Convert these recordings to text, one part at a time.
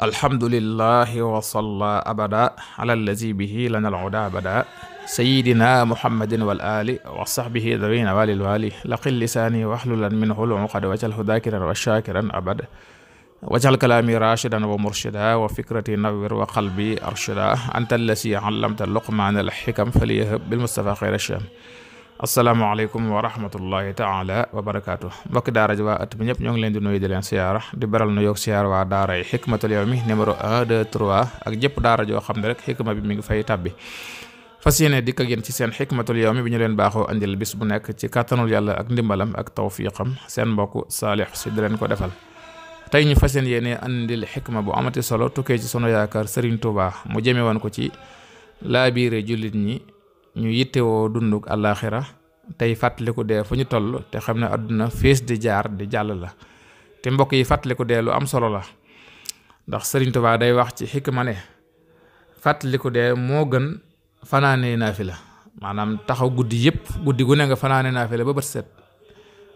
alhamdulillahi wasalla abada ala allazi bihi lana alhuda abada sayidina muhammadin wal ali wa sahbihi dawina walil wali laqil lisaani waxlulan min hul uqad wajal hudakiran wa shakiran abad wajal kalaami rashidan wa murshida wa fikrati nawir wa qalbi arshida anta allasi allamta luqmaana alxikam faliyahab bilmustafa xayra sham asalaamaaleykum wa rahmatullahi taala wa barakaatu mbokki daara ji waa at bi ñëpp ñoo ngi leen di nuyu di leen siyaara di baral nu yoog siyaar waa daara yi xikmatul yawmi numéro ak jëpp daara joo xam ne rek xikma bi mi ngi fay tàbbi fas yéene dikk ak yéen ci seen xikmatul yawmi bi ñu leen baaxoo andil bis bu nekk ci kàttanul yàlla ak ndimbalam ak tawfiqam seen mbokk saalix si di leen ko defal tey ñu fas yéene andil xikma bu amati solo tukkee ci sunu yaakaar Serigne Touba mu jëme woon ko ci laabiire jullit ñi ñu yittewoo dunduk àllaaxira tey fàttaliku dee fu ñu toll te xam ne àdduna fees di jaar di jàll la te mbokk yi fàttaliku dee lu am solo la ndax Sëriñ Tuubaa day wax ci xikma ne fàttaliku dee moo gën fanaanee naafila maanaam taxaw guddi yëpp guddi gu ne nga fanaanee naafila ba bët set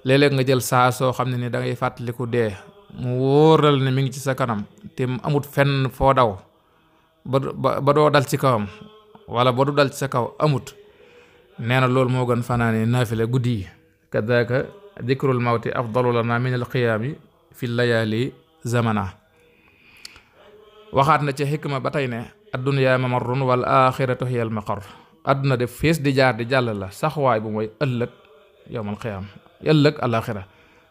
léeg nga jël saa soo xam ne ni dangay fàttaliku dee mu wóoral ne mi ngi ci sa kanam te mu amut fenn foo daw ba doo dal ci kawam wala ba du dal ci sa kaw amut nee na loolu moo gën fanaane naafila guddi yi kadaka dikrul mawti afdalu lana min alqiyaami fi layaali zamana waxaat na ci xikma ba tey ne adduniyaa mamarrun wal axiratu hiya al maqar adduna def fees di jaar di jàll la saxuwaay bu mooy ëllëg yowmal qiyaam ëllëg al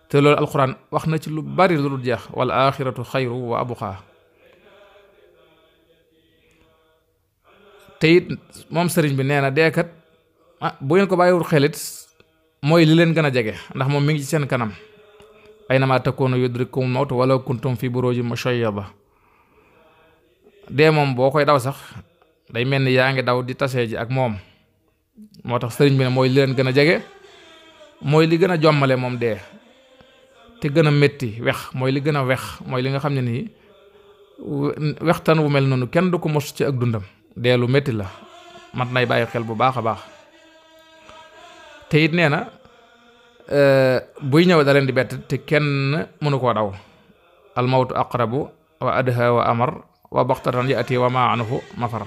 te loolu alquran wax na ci lu bari lu dul jeex wal axiratu xayru wa abuqaa te it moom sëriñ bi nee na deekat ah bu ngeen ko bàyyiwul xelit mooy li leen gën a jege ndax moom mi ngi ci seen kanam aynama takunu yudrikum mawt wala kuntum fi buruji ba dee moom boo koy daw sax day mel ni yaa ngi daw di tasee ji ak moom moo tax sëriñ bi ne mooy li leen gën a jege mooy li gën a jommale moom dee te gën a métti wex mooy li gën a wex mooy li nga xam ne nii wextaan wu mel noonu kenn du ko mos ci ak dundam dee metti la mat nay bàyyi xel bu baax a baax te it nee na eh, buy ñëw da leen di bett te kenn mënu koo daw almawtu aqrabu wa adha wa amar wa baxtatan yaati wa ma anhu mafar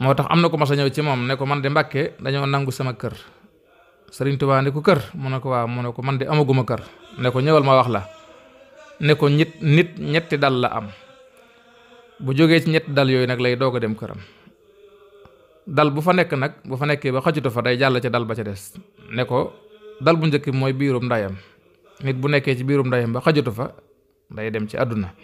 moo tax am na ko ma a ñëw ci moom ne ko man de mbàkke dañoo nangu sama kër sëriñtu Tuubaa ne ko kër mu ne ko waa mu ne ko man de amaguma kër ne ko ñëwal ma wax la ne ko nit nit ñetti dal la am bu jógee ci ñetti dal yooyu nag lay doog a dem këram dal bu fa nekk nag bu fa nekkee ba xajutu fa day jàll ci dal ba ca des ne ko dal bu njëkk mooy biirum ndayam nit bu nekkee ci biirum ndayam ba xajutu fa day dem ci àdduna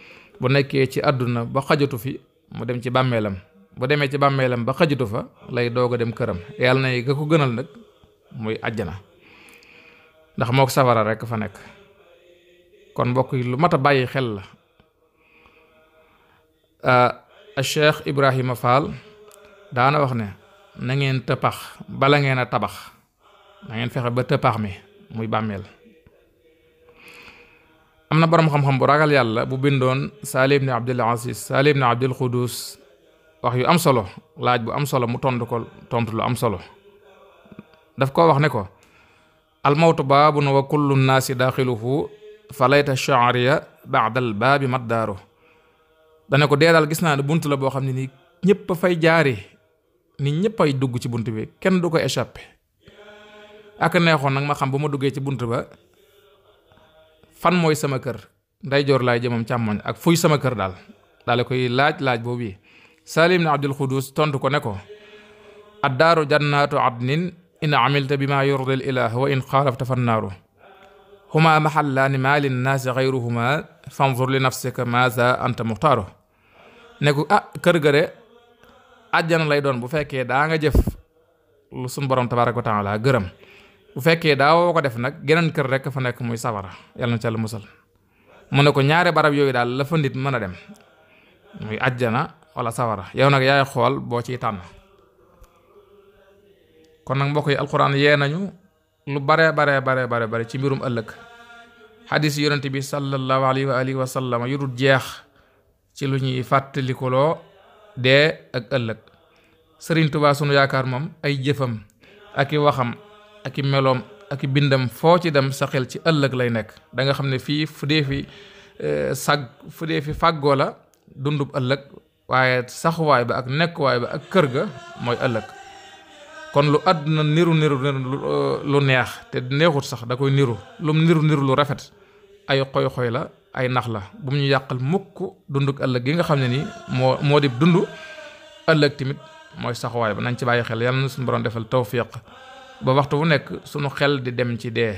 bu nekkee ci àdduna ba xajatu fi mu dem ci bàmmeelam bu demee ci bàmmeelam ba xajatu fa lay doog a dem këram yàlla na ga ko gënal nag muy àjjana ndax mook safara rekk fa nekk kon mbokk yi lu mat a bàyyi xel la Euh, a Cheikh Ibrahima Fall daana wax ne na ngeen tëppax bala ngeen a tabax na ngeen fexe ba tëppax mi muy bàmmeel am na boroom xam-xam bu ragal yàlla bu bindoon Salih ibn Abdul Aziz Salih ibn Abdul Xudus wax yu am solo laaj bu am solo mu tontu ko tontu lu am solo daf koo wax ne ko almawtu baabun wa kullu nnaasi daaxiluhu falayta chaariya baadal baabi maddaaru dana ko dee daal gis naa ne bunt la boo xam ne nii ñëpp fay jaaree ni ñëpp ay dugg ci bunt bi kenn du ko échappé ak neexoon nag ma xam bu ma duggee ci bunt ba fan mooy sama kër ndeyjoor laay jëmam càmmoñ ak fuy sama kër daal daal koy laaj laaj boobu yi Salim na Abdul Xudus tontu ko ne ko addaaru jannaatu adnin in amilta bi maa yurdil ilaah wa in xaalafta fannaaru huma maxallaani maa linnaasi xayruhuma fanzur li nafsika maza anta muxtaaro ne ko ah kër gëre àjjana lay doon bu fekkee daa nga jëf lu suñ borom tabaaraka wa taala gërëm bu fekkee daa woo ko def nag geneen kër rek fa nekk muy sawara yàlla na ca la musal mu ne ko ñaari barab yooyu daal la fa nit mën a dem muy àjjana wala sawara yow nag yaay xool boo ci tànn kon nag mbokk yi alxuraan yee nañu lu bare bare bare bare bare ci mbirum ëllëg xadis yonente bi sallallahu alayhi wa alihi wa sallam yu dul jeex ci lu ñuy fàttalikuloo dee ak ëllëg sëriñ tubaa sunu yaakaar moom ay jëfam ak waxam ak i meloom ak bindam foo ci dem sa xel ci ëllëg lay nekk danga xam ne fii fu dee fi eh, sag fu dee fi fàggoo la dundub ëllëg waaye saxuwaay ba ak nekkuwaay ba ak kër ga mooy ëllëg kon lu àdduna niru niru eh, lu neex te neexut sax da koy niru lum niru niru lu rafet ay xoy-xoy la ay nax la bu mu ñu yàqal mukk dunduk ëllëg gi nga xam ne ni moo moo di dund ëllëg tamit mooy saxuwaay ba nañ ci bàyyi xel yàlla na suñu borom defal tawfiq ba waxtu wu nekk suñu xel di dem ci dee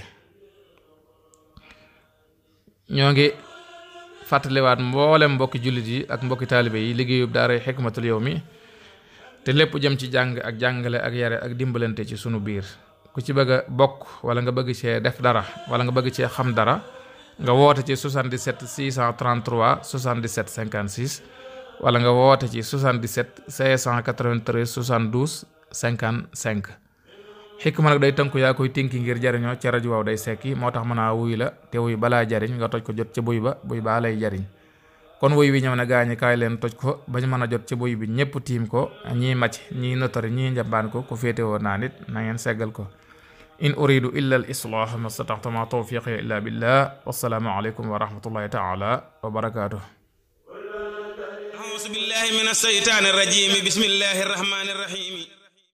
ñoo ngi fàttaliwaat mboolem mbokki jullit yi ak mbokki taalibe yi liggéeyub daaray Hikmatul mi te lépp jëm ci jàng ak jàngale ak yare ak dimbalante ci sunu biir ku ci bëgg a bokk wala nga bëgg cee def dara wala nga bëgg cee xam dara nga woote ci 77 633 77 56 wala nga woote ci 77 cinquante 72 55 ma nag day tënku yaa koy tinki ngir jariñoo ci rajo waaw day sekki moo tax mën a wuy la te wuy balaa jariñ nga toj ko jot ci buy ba buy baa lay jariñ kon wuy wi ñëw na gaañi kaay leen toj ko bañ mën a jot ci buy bi ñëpp tiim ko ñii màcc ñii notari ñii njambaan ko ku féetewoo naa nit na ngeen seggal ko in uridu illa al islaah ma stataxta ma tawfiqi illa billah wassalaamu aleykum wa rahmatullahi taala wa barakatuh auzu billahi min ashaytaani rajim bismillahi rahmaani rahim